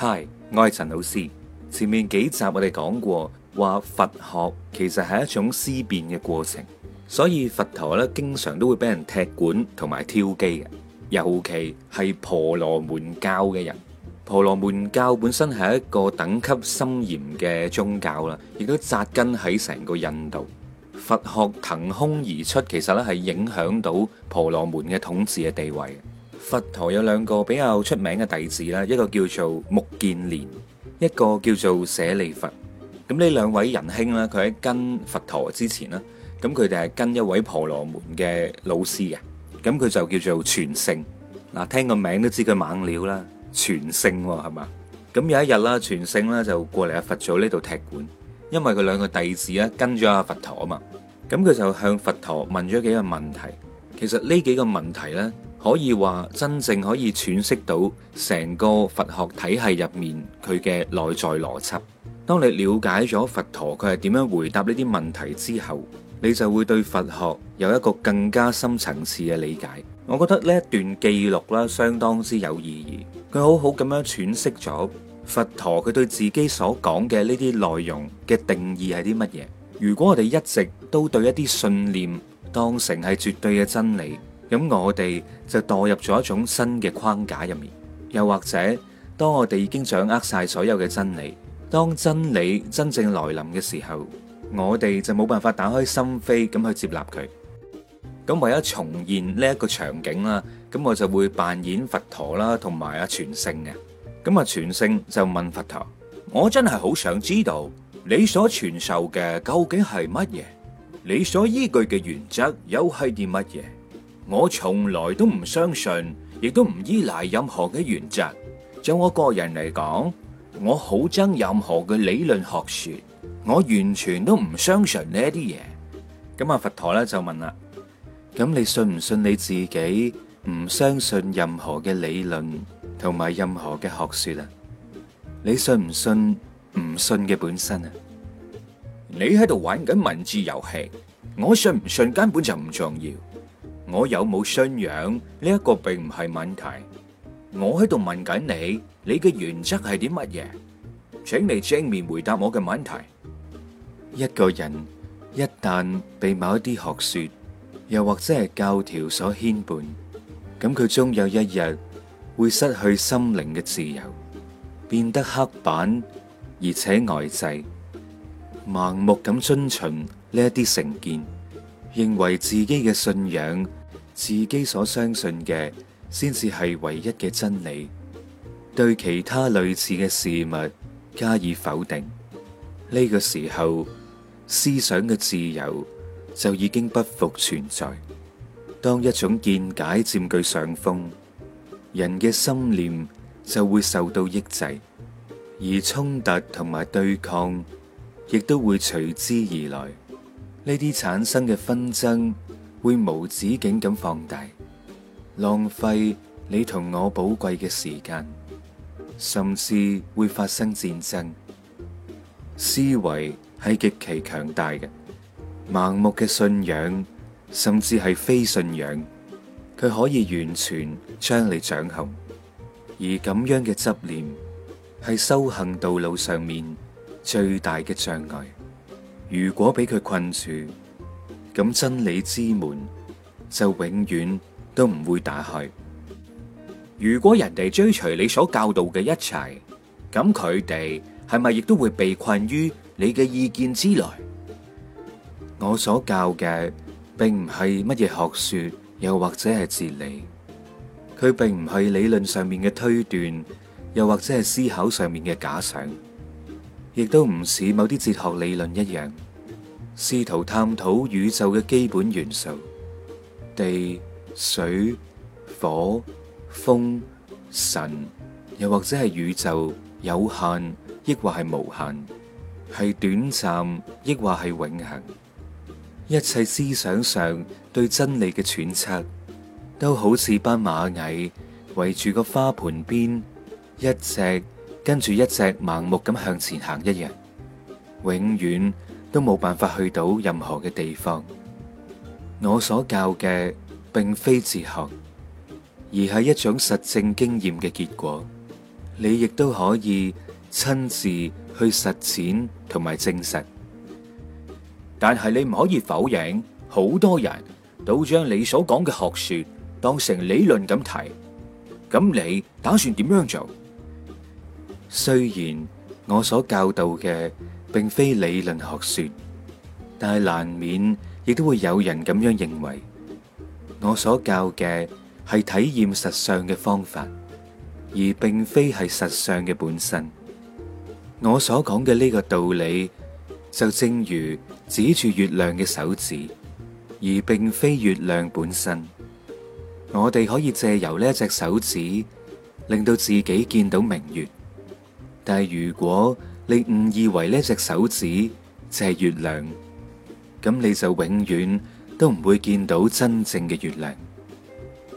嗨，Hi, 我係陳老師。前面幾集我哋講過，話佛學其實係一種思辨嘅過程，所以佛陀咧經常都會俾人踢館同埋挑機嘅，尤其係婆羅門教嘅人。婆羅門教本身係一個等級森嚴嘅宗教啦，亦都扎根喺成個印度。佛學騰空而出，其實咧係影響到婆羅門嘅統治嘅地位。佛陀有兩個比較出名嘅弟子啦，一個叫做木建連，一個叫做舍利佛。咁呢兩位仁兄啦，佢喺跟佛陀之前啦，咁佢哋係跟一位婆羅門嘅老師嘅。咁佢就叫做全勝嗱，聽個名都知佢猛料啦。全勝係嘛？咁有一日啦，全勝啦就過嚟阿佛祖呢度踢館，因為佢兩個弟子啊跟咗阿佛陀啊嘛。咁佢就向佛陀問咗幾個問題，其實呢幾個問題咧。可以話真正可以詮釋到成個佛學體系入面佢嘅內在邏輯。當你了解咗佛陀佢係點樣回答呢啲問題之後，你就會對佛學有一個更加深層次嘅理解。我覺得呢一段記錄啦，相當之有意義。佢好好咁樣詮釋咗佛陀佢對自己所講嘅呢啲內容嘅定義係啲乜嘢。如果我哋一直都對一啲信念當成係絕對嘅真理。咁我哋就墮入咗一種新嘅框架入面，又或者當我哋已經掌握晒所有嘅真理，當真理真正來臨嘅時候，我哋就冇辦法打開心扉咁去接納佢。咁為咗重現呢一個場景啦，咁我就會扮演佛陀啦，同埋阿全勝嘅。咁啊，全勝就問佛陀：我真係好想知道你所傳授嘅究竟係乜嘢？你所依據嘅原則又係啲乜嘢？我從來都唔相信，亦都唔依賴任何嘅原則。就我個人嚟講，我好憎任何嘅理論學說，我完全都唔相信呢啲嘢。咁阿佛陀咧就問啦：咁你信唔信你自己唔相信任何嘅理論同埋任何嘅學說啊？你信唔信？唔信嘅本身啊？你喺度玩緊文字遊戲，我信唔信根本就唔重要。我有冇信仰呢一個並唔係問題，我喺度問緊你，你嘅原則係啲乜嘢？請你正面回答我嘅問題。一個人一旦被某一啲學說，又或者係教條所牽絆，咁佢終有一日會失去心靈嘅自由，變得刻板而且呆滯，盲目咁遵循呢一啲成見，認為自己嘅信仰。自己所相信嘅，先至係唯一嘅真理，對其他類似嘅事物加以否定。呢個時候，思想嘅自由就已經不復存在。當一種見解佔據上風，人嘅心念就會受到抑制，而衝突同埋對抗亦都會隨之而來。呢啲產生嘅紛爭。會無止境咁放大，浪費你同我寶貴嘅時間，甚至會發生戰爭。思維係極其強大嘅，盲目嘅信仰，甚至係非信仰，佢可以完全將你掌控。而咁樣嘅執念，係修行道路上面最大嘅障礙。如果俾佢困住。咁真理之門就永遠都唔會打開。如果人哋追隨你所教導嘅一切，咁佢哋係咪亦都會被困於你嘅意見之內？我所教嘅並唔係乜嘢學說，又或者係哲理，佢並唔係理論上面嘅推斷，又或者係思考上面嘅假想，亦都唔似某啲哲學理論一樣。試圖探討宇宙嘅基本元素，地、水、火、風、神，又或者係宇宙有限，抑或係無限，係短暫，抑或係永恒。一切思想上對真理嘅揣測，都好似班螞蟻圍住個花盆邊，一隻跟住一隻盲目咁向前行一樣，永遠，都冇辦法去到任何嘅地方。我所教嘅並非哲學，而係一種實證經驗嘅結果。你亦都可以親自去實踐同埋證實。但係你唔可以否認，好多人都將你所講嘅學說當成理論咁提。咁你打算點樣做？雖然我所教導嘅。並非理論學說，但係難免亦都會有人咁樣認為，我所教嘅係體驗實相嘅方法，而並非係實相嘅本身。我所講嘅呢個道理，就正如指住月亮嘅手指，而並非月亮本身。我哋可以借由呢一隻手指，令到自己見到明月，但係如果…你誤以為呢隻手指就係月亮，咁你就永遠都唔會見到真正嘅月亮。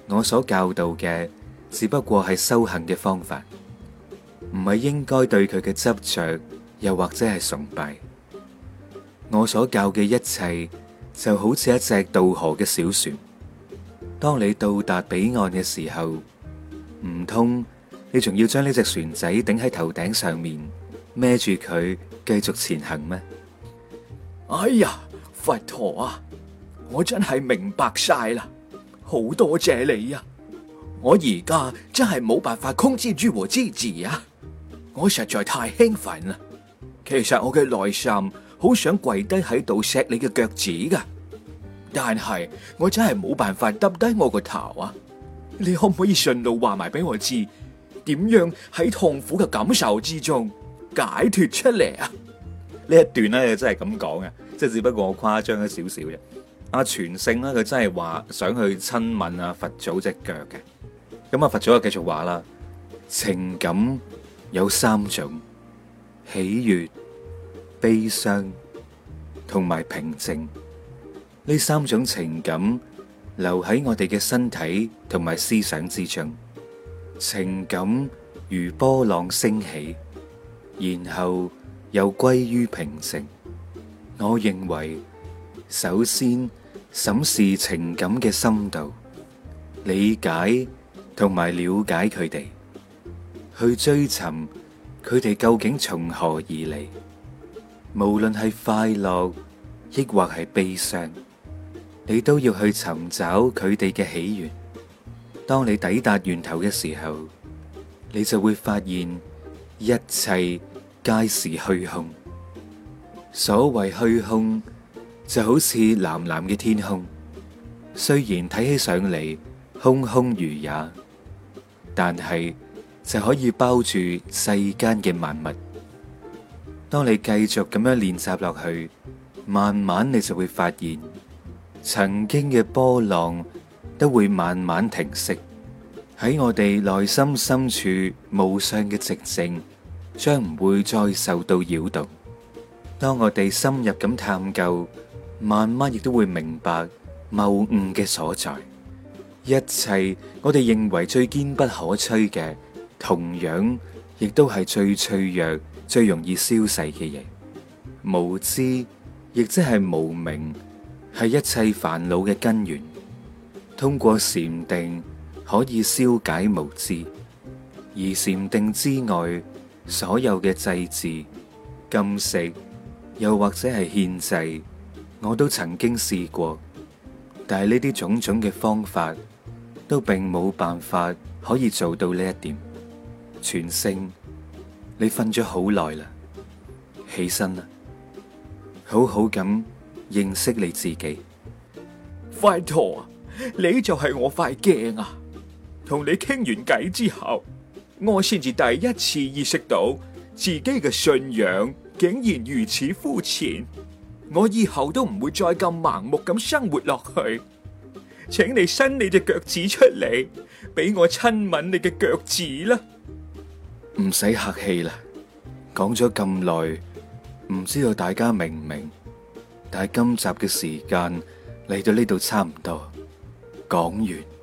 我所教導嘅只不過係修行嘅方法，唔係應該對佢嘅執着，又或者係崇拜。我所教嘅一切就好似一隻渡河嘅小船，當你到達彼岸嘅時候，唔通你仲要將呢隻船仔頂喺頭頂上面？孭住佢繼續前行咩？哎呀，佛陀啊，我真係明白晒啦，好多謝你啊！我而家真係冇辦法控制住我自己啊！我實在太興奮啦！其實我嘅內心好想跪低喺度錫你嘅腳趾噶，但係我真係冇辦法耷低我個頭啊！你可唔可以順路話埋俾我知點樣喺痛苦嘅感受之中？解脫出嚟啊。呢一段咧、啊，真係咁講嘅，即係只不過我誇張咗少少啫。阿、啊、全勝咧、啊，佢真係話想去親吻阿佛祖隻腳嘅。咁、啊、阿佛祖就繼續話啦：情感有三種，喜悅、悲傷同埋平靜。呢三種情感留喺我哋嘅身體同埋思想之中，情感如波浪升起，然後又歸於平靜。我認為首先審視情感嘅深度，理解同埋了解佢哋，去追尋佢哋究竟從何而嚟。無論係快樂抑或係悲傷，你都要去尋找佢哋嘅起源。當你抵達源頭嘅時候，你就會發現。一切皆是虛空。所謂虛空，就好似藍藍嘅天空，雖然睇起上嚟空空如也，但係就可以包住世間嘅萬物。當你繼續咁樣練習落去，慢慢你就會發現，曾經嘅波浪都會慢慢停息。喺我哋內心深處無上嘅寂靜、靜。將唔會再受到擾動。當我哋深入咁探究，慢慢亦都會明白謬誤嘅所在。一切我哋認為最堅不可摧嘅，同樣亦都係最脆弱、最容易消逝嘅嘢。無知亦即係無明，係一切煩惱嘅根源。通過禪定可以消解無知，而禪定之外。所有嘅祭祀禁食，又或者係獻祭，我都曾經試過，但係呢啲種種嘅方法都並冇辦法可以做到呢一點。全勝，你瞓咗好耐啦，起身啦，好好咁認識你自己。佛陀，你就係我塊鏡啊！同你傾完偈之後。我先至第一次意識到自己嘅信仰竟然如此膚淺，我以後都唔會再咁盲目咁生活落去。請你伸你隻腳趾出嚟，俾我親吻你嘅腳趾啦！唔使客氣啦，講咗咁耐，唔知道大家明唔明？但係今集嘅時間嚟到呢度差唔多，講完。